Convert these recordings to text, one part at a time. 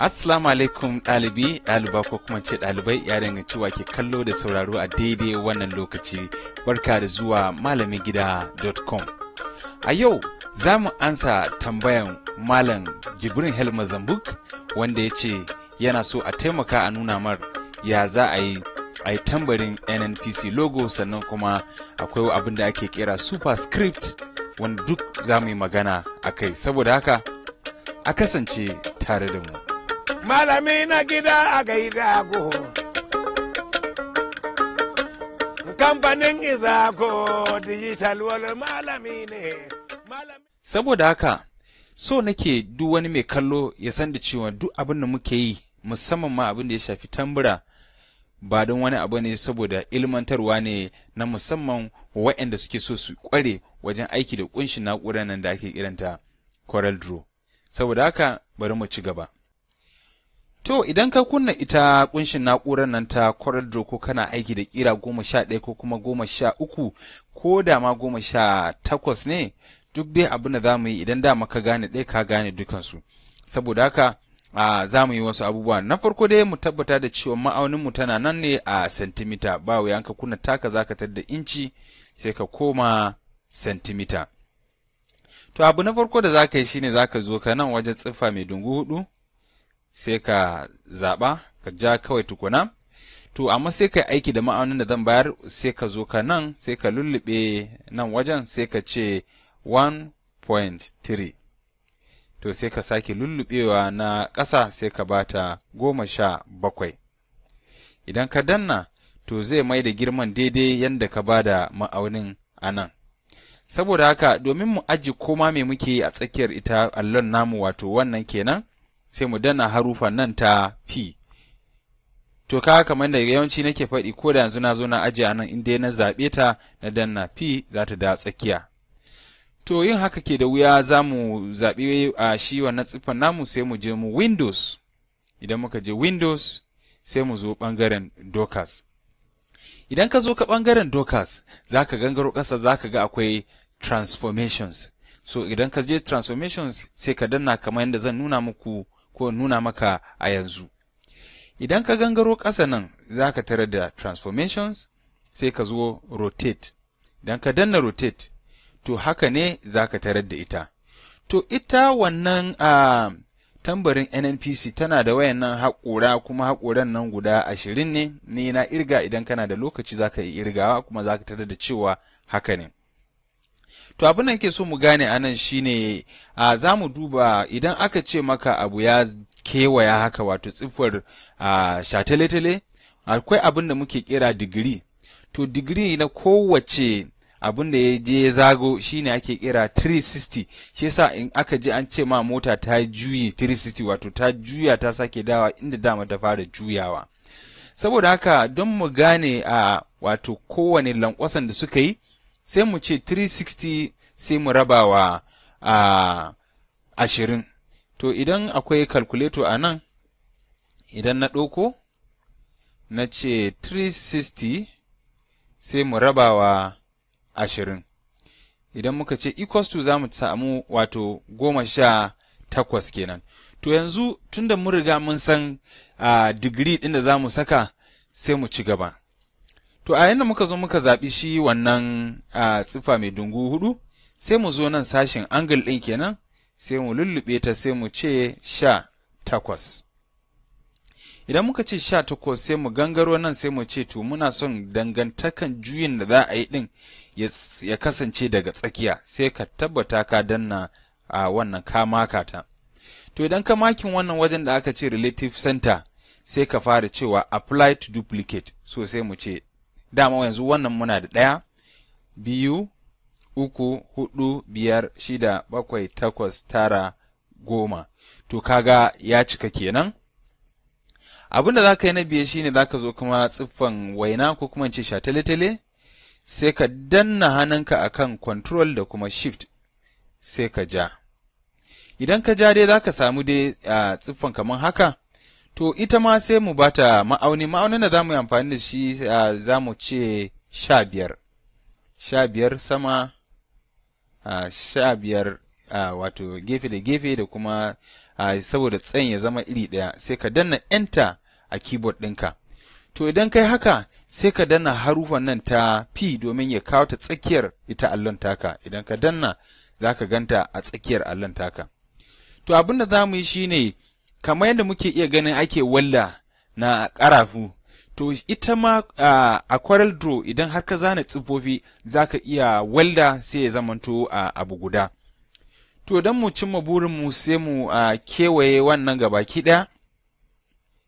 Assalamu alaikum ɗalibi ɗaliba ko kuma ce ɗalibai ya cewa ke kallo da sauraro a daidai wannan lokaci barka da zuwa malamigida.com. A yau za mu ansa tambayan Malam Jibrin Helma Zambuk wanda ya ce yana so a taimaka a nuna mar ya za a yi a yi tambarin nnpc logo sannan kuma akwai abin da ake kera superscript wanda duk za mu yi magana a kai saboda haka a kasance tare da mu malami na gida a go kamfanin izago digital wal malami ne saboda haka so nake duk wani mai kallo ya san da cewa duk abin da muke yi musamman ma abin da ya shafi tambura ba don wani abu ne saboda ilmantarwa ne na musamman waɗanda suke so su kware wajen aiki da kunshin na'urar nan da ake kiranta coral Draw. Saboda haka bari mu ci gaba. To idan ka kunna ita kunshin na'urar nan ta Coral Draw ko kana aiki da kira goma sha ɗaya ko kuma goma sha uku ko da ma goma sha takwas ne duk dai abin da za mu yi idan dama ka gane ɗaya ka gane dukansu. Saboda haka a za mu yi wasu abubuwa na farko dai mu tabbata da cewa ma'aunin mu tana nan ne a sentimita ba wuya ka kunna taka za ka da inci sai ka koma sentimita. To abu na farko da za ka yi shine za ka zo ka nan wajen tsifa mai dungu hudu sai ka zaɓa ka ja kawai tukuna to amma sai ka aiki da ma'aunin da zan bayar sai ka zo ka nan sai ka lullube nan wajen sai ka ce 1.3 to sai ka sake lullubewa na ƙasa sai ka ba ta goma sha bakwai idan ka danna to zai mai da girman daidai yadda ka ba da ma'aunin a nan saboda haka domin mu aji koma me muke yi a tsakiyar ita allon namu wato wannan kenan sai mu danna harufan nan ta P. To ka kamar da yawanci nake faɗi ko da yanzu na zo na ajiye nan in dai na zaɓe ta na danna P za ta da tsakiya. To yin haka ke da wuya za mu zaɓi a shi wannan tsiffan namu sai mu je mu Windows. Idan muka je Windows sai mu zo ɓangaren Dockers. Idan ka zo ka ɓangaren Dockers za ka gangaro ƙasa za ka ga akwai transformations. So idan ka je transformations sai ka danna kamar yadda zan nuna muku ko nuna maka a yanzu idan ka gangaro ƙasa nan za ka tare da transformations sai ka zo rotate don ka danna rotate to haka ne za ka tarar da ita to ita wannan uh, tambarin nnpc tana da wayannan haƙura kuma haƙoran nan guda ashirin ne ni na irga idan kana da lokaci za ka yi irgawa kuma za ka tarar da cewa haka ne to abin da ke so mu gane a nan shine a za mu duba idan aka ce maka abu ya kewaya haka wato tsiffar shataletale akwai abin da muke kira digiri to digiri na kowace abin da ya je zago zago shine ake kira 360 shi yasa in aka je an ce ma mota ta juyi 360 wato ta juya ta sake dawa inda dama ta fara juyawa saboda haka don mu gane a wato kowane lankwasan da suka yi sai mu ce 360 sai mu rabawa uh, ashirin to idan akwai kalkuleto a nan idan na ɗauko na ce 360 sai mu rabawa ashirin idan muka ce equals to za mu samu wato goma sha takwas kenan to yanzu tunda mun riga mun san a digiri ɗin da za mu saka sai mu ci gaba To a yadda muka zo muka zaɓi shi wannan a tsifa mai dungu hudu sai mu zo nan sashen angle ɗin kenan sai mu lullube ta sai mu ce sha takwas. Idan muka ce sha takwas sai mu gangaro nan sai mu ce to muna son dangantakan juyin da za a yi ɗin ya kasance daga tsakiya sai ka tabbata ka danna a wannan ka To idan ka makin wannan wajen da aka ce relative center sai ka fara cewa apply to duplicate so sai mu ce dama yanzu wannan muna da ɗaya biyu uku hudu biyar shida bakwai takwas tara goma to kaga ya cika kenan abin da za ka yi na biye shine za ka zo kuma tsiffan waina ko kuma ce shatale-tale sai ka danna hannunka akan control da kuma shift sai ka ja idan ka ja dai za ka samu dai a ah, tsiffan kamar haka to ita ma sai mu bata ma'auni ma'aunin da za mu yi amfani da shi za mu ce sha biyar sha biyar sama sha biyar wato gefe da gefe da kuma saboda tsayin ya zama iri ɗaya sai ka danna enter a keyboard ɗinka to idan kai haka sai ka danna harufan nan ta p domin ya kawo ta tsakiyar ita allon taka idan ka danna za ka ganta a tsakiyar allon taka to abin da za mu yi shine kamar yadda muke iya ganin ake walla na karafu to ita ma a Corel Draw idan har ka zana tsifofi za ka iya walda sai ya zamanto a abu guda. To don mu cimma burinmu sai mu kewaye wannan gaba ɗaya,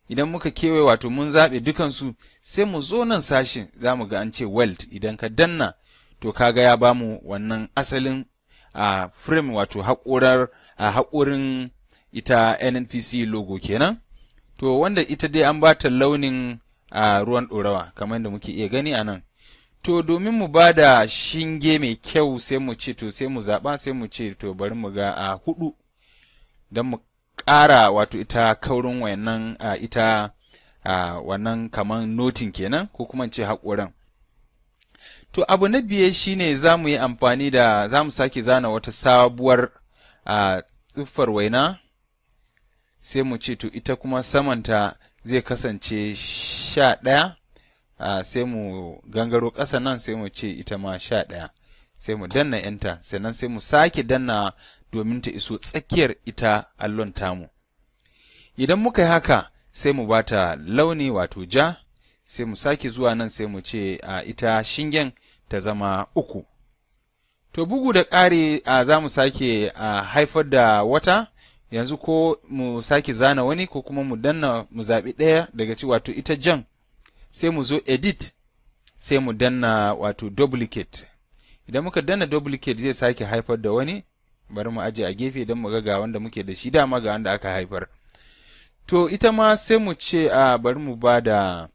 idan muka kewaye wato mun zaɓe dukansu sai mu zo nan sashin za mu ga an ce weld idan ka danna to kaga ya bamu wannan asalin a frame wato haƙorin ita nnpc logo kenan to wanda ita dai an bata launin a ruwan ɗorawa kamar da muke iya gani a nan to domin mu ba da shinge mai kyau sai mu ce to sai mu zaɓa sai mu ce to bari mu ga a hudu don mu ƙara wato ita kaurin wannan ita wannan kamar notin kenan ko kuma ce haƙoran to abu na biye shine za mu yi amfani da za mu sake zana wata sabuwar a tsiffar waina sai mu ce to ita kuma samanta zai kasance sha ɗaya sai mu gangaro ƙasa nan sai mu ce ita ma sha ɗaya sai mu danna yanta sannan sai mu sake danna domin ta iso tsakiyar ita allon tamu idan muka yi haka sai mu bata launi wato ja sai mu sake zuwa nan sai mu ce a ita shingen ta zama uku to bugu da ƙari a za mu sake haifar da wata yanzu ko mu sake zana wani ko kuma mu danna mu zaɓi ɗaya daga ci wato ita jan sai mu zo edit sai mu danna wato duplicate idan muka danna duplicate zai sake haifar da wani bari mu aje a gefe idan mu ga ga wanda muke da shi dama ga wanda aka haifar to ita ma sai mu ce a bari mu ba da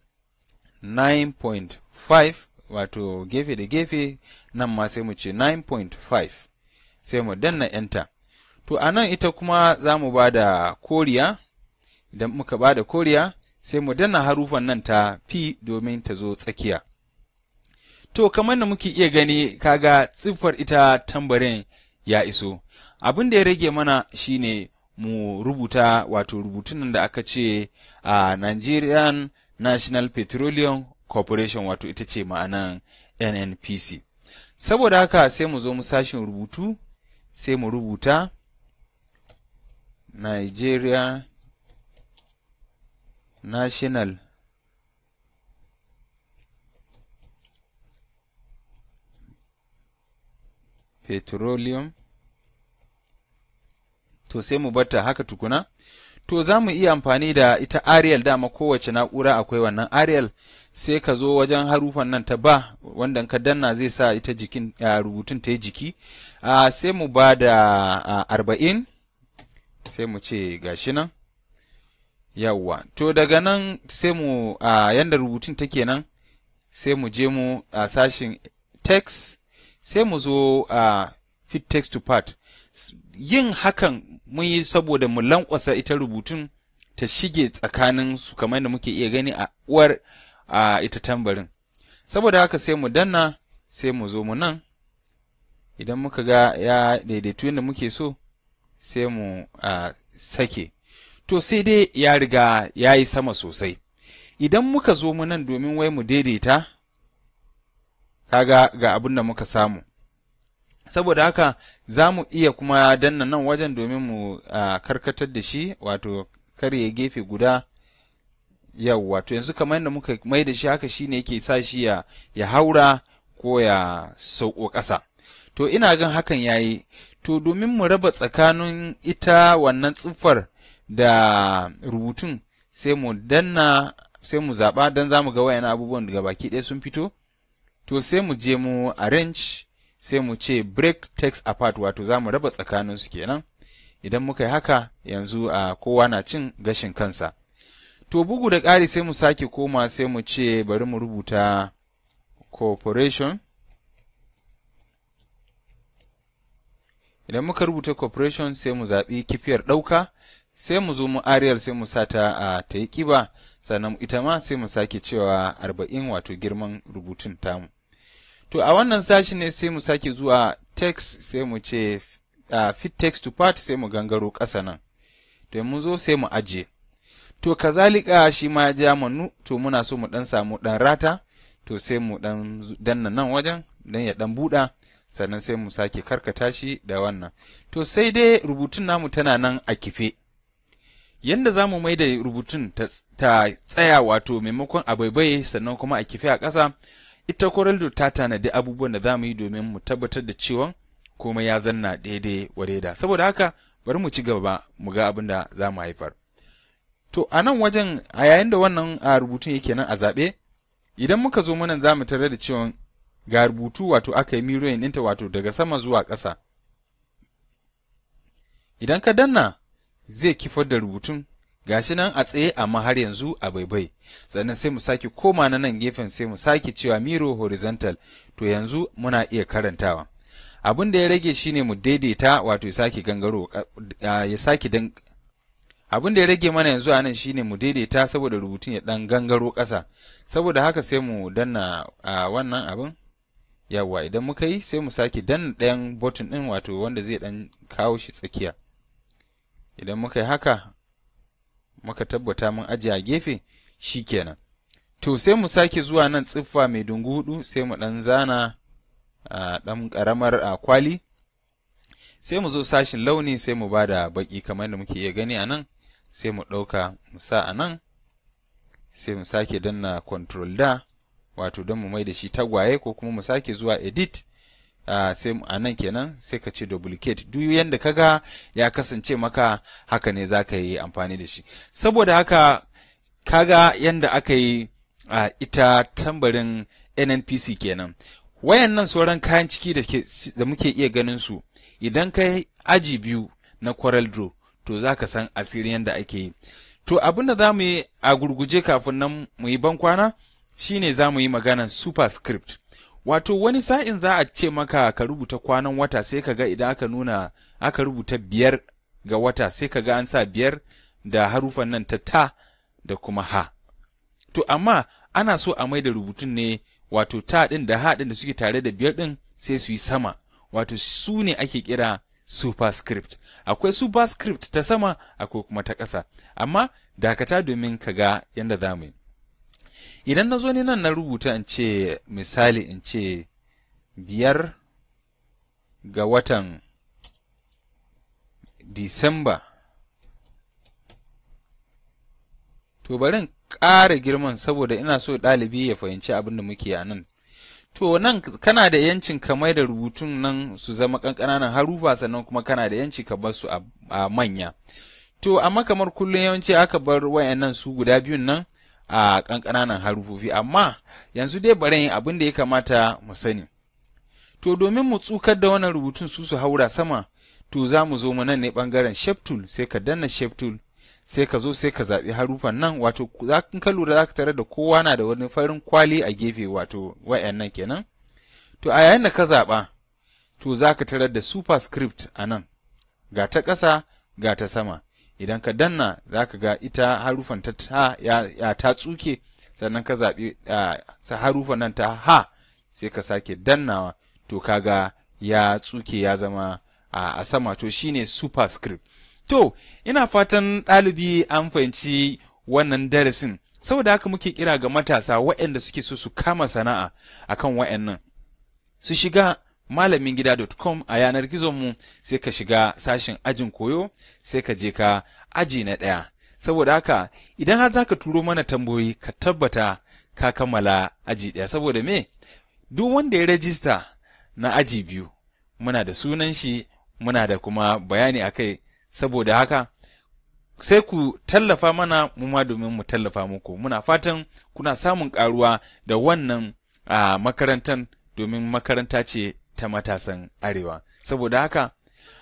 9.5 wato gefe da gefe nan ma sai mu ce 9.5 sai mu danna enter to a nan ita kuma za mu ba da koriya idan muka ba da koriya sai mu danna harufan nan ta p domin ta zo tsakiya to kamar da muke iya gani kaga siffar ita tambarin ya iso abin da ya rage mana shine mu rubuta wato rubutun da aka ce a nigerian national petroleum corporation wato ita ce ma'anan nnpc saboda haka sai mu zo mu sashin rubutu sai mu rubuta Nigeria National Petroleum to sai mu bata haka tukuna to za mu iya amfani da ita arial dama kowace na'ura akwai wannan arial sai ka zo wajen harufan nan ta ba wanda ka danna zai sa ita jikin rubutun ta yi jiki sai mu ba da arba'in sai mu ce gashi nan yawwa to daga nan sai mu a yanda rubutun take nan sai mu je mu a sashin text sai mu zo a fit text to part yin hakan mun yi saboda mu lankwasa ita rubutun ta shige tsakanin su kamar da muke iya gani a uwar a ita tambarin saboda haka sai mu danna sai mu zo mu nan idan muka ga ya daidaitu yadda muke so sai mu uh, sake to sai dai ya riga ya yi sama sosai idan muka zo mu nan domin wai mu daidaita kaga ga abin da muka samu saboda haka za mu iya kuma danna nan wajen domin mu uh, karkatar da shi wato karye gefe guda yau wato yanzu kamar yadda muka mai da shi haka shine yake sa shi ya haura ko ya sauko ƙasa to ina gan hakan yayi to domin mu raba tsakanin ita wannan tsiffar da rubutun sai mu danna sai mu zaɓa don za mu ga wayan abubuwan daga baki ɗaya sun fito to sai mu je mu arrange sai mu ce break text apart wato za mu raba su kenan idan muka yi haka yanzu a kowa na cin gashin kansa to bugu da ƙari sai mu sake koma sai mu ce bari mu rubuta corporation idan muka rubuta corporation sai mu zaɓi kifiyar ɗauka sai mu zo mu ariyar sai mu sa ta a ta yi ƙiba sannan ita ma sai mu sake cewa arba'in wato girman rubutun tamu to a wannan sashi ne sai mu sake zuwa text sai mu ce uh, fit text to part sai mu gangaro ƙasa nan to mun zo sai mu ajiye to kazalika shi ma ya ja mu to muna so mu dan samu dan rata to sai mu dan danna nan wajen dan ya dan buɗa sannan sai mu sake karkata shi da wannan to sai dai rubutun namu tana nan a kife yadda za mu da rubutun ta tsaya wato maimakon a sannan kuma a kife a ƙasa ita Corel ta tanadi abubuwan da za mu yi domin mu tabbatar da cewa komai ya zanna daidai wareda saboda haka bari mu ci gaba mu ga abin da za mu haifar to a nan wajen a yayin da wannan rubutun yake nan a zaɓe idan muka zo mana za mu tare da cewa ga rubutu wato aka yi miliyoyin ɗinta wato daga sama zuwa ƙasa idan ka danna zai kifar da rubutun gashi nan a tsaye amma har yanzu a baibai sannan sai mu sake koma na nan gefen sai mu sake cewa miro horizontal to yanzu muna iya karantawa abin da ya rage ne mu daidaita wato ya sake dan abin da ya rage mana yanzu a nan shine mu daidaita saboda rubutun ya ɗan gangaro ƙasa saboda haka sai mu danna wannan abin yawa idan muka yi sai mu sake dan ɗayan button ɗin wato wanda zai ɗan kawo shi tsakiya idan muka yi haka muka tabbata mun ajiye a gefe shi kenan to sai mu sake zuwa nan tsiffa mai dungu hudu sai mu ɗan zana a ɗan ƙaramar kwali sai mu zo sashin launi sai mu ba da baƙi kamar da muke iya gani a nan sai mu ɗauka mu sa a nan sai mu sake danna control da wato don mu mai da shi tagwaye ko kuma mu sake zuwa edit Uh, sai a nan kenan sai ka ce duplicate duk yanda kaga ya kasance maka haka ne za ka yi amfani da shi saboda haka ka ga yanda aka yi uh, ita tambarin nnpc kenan wayannan sauran kayan ciki da muke iya ganin su idan ka aji biyu na coral draw to za ka san asirin yadda ake yi to abinda za mu yi a gurguje kafin nan mu yi bankwana shine za mu yi maganan superscript wato wani sa'in za a ce maka ka rubuta kwanan wata sai ka ga idan aka nuna aka rubuta biyar ga wata sai ka ga an sa biyar da harufan nan ta ta da kuma ha to amma ana so a mai da rubutun ne wato ta ɗin da ha ɗin da suke tare da biyar ɗin sai su yi sama wato su ne ake kira superscript akwai superscript ta sama akwai kuma ta ƙasa amma dakata domin ka ga yadda za mu yi idan na zo ni nan na rubuta in ce misali in ce biyar ga watan disamba to bari ƙara girman saboda ina so ɗalibi ya fahimci abin da muke a nan to nan kana da yancin ka mai da rubutun nan su zama ƙanƙananan harufa sannan kuma kana da yanci ka bar su a manya to amma kamar kullum yawanci aka bar wayannan su guda biyun nan a ƙanƙananan harufofi amma yanzu dai bari yin abin da ya kamata mu sani to domin mu tsukar da wannan rubutun su su haura sama to za mu zo nan ne ɓangaren shape sai ka danna shape tool sai ka zo sai ka zaɓi harufan nan wato in ka lura za ka tare da kowa na da wani farin kwali a gefe wato wa'annan kenan to a yayin da ka zaɓa to za ka tarar da superscript a nan ga ta ƙasa ga ta sama idan ka danna za ka ga ita harufan ta ya, ta tsuke sannan ka zaɓi harufan nan ta ha sai ka sake dannawa to ga ya tsuke ya zama a sama to shine superscript to ina fatan ɗalibi an fahimci wannan darasin saboda haka muke kira ga matasa waɗanda suke so su kama sana'a akan waɗannan su shiga malamingida.com a yanar gizonmu sai ka shiga sashen ajin koyo sai ka je ka aji na ɗaya. Saboda haka idan har za ka turo mana tambayoyi ka tabbata ka kammala aji ɗaya saboda me duk wanda ya rajista na aji biyu muna da sunan shi muna da kuma bayani a kai saboda haka sai ku tallafa mana mu ma domin mu tallafa muku muna fatan kuna samun karuwa da wannan a ah, domin makaranta ce ta matasan arewa saboda haka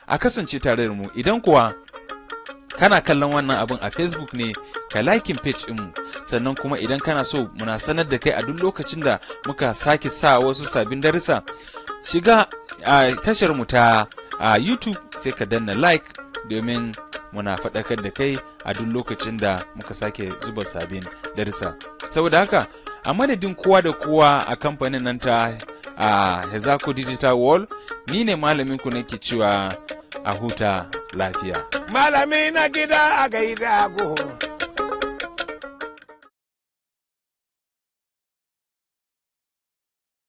a kasance tare da mu idan kuwa kana kallon wannan abin a facebook ne ka likin page mu sannan kuma idan kana so muna sanar da kai a duk lokacin da muka sake sa wasu sabbin darussa shiga a tashar mu ta a youtube sai ka danna like domin muna faɗakar da kai a duk lokacin da muka sake zuba sabbin darussa saboda haka a madadin kowa da kowa a kamfanin nan ta a Hezaku Digital Wall ni ne malamin ku nake cewa a huta lafiya. Malami na gida a gaida go.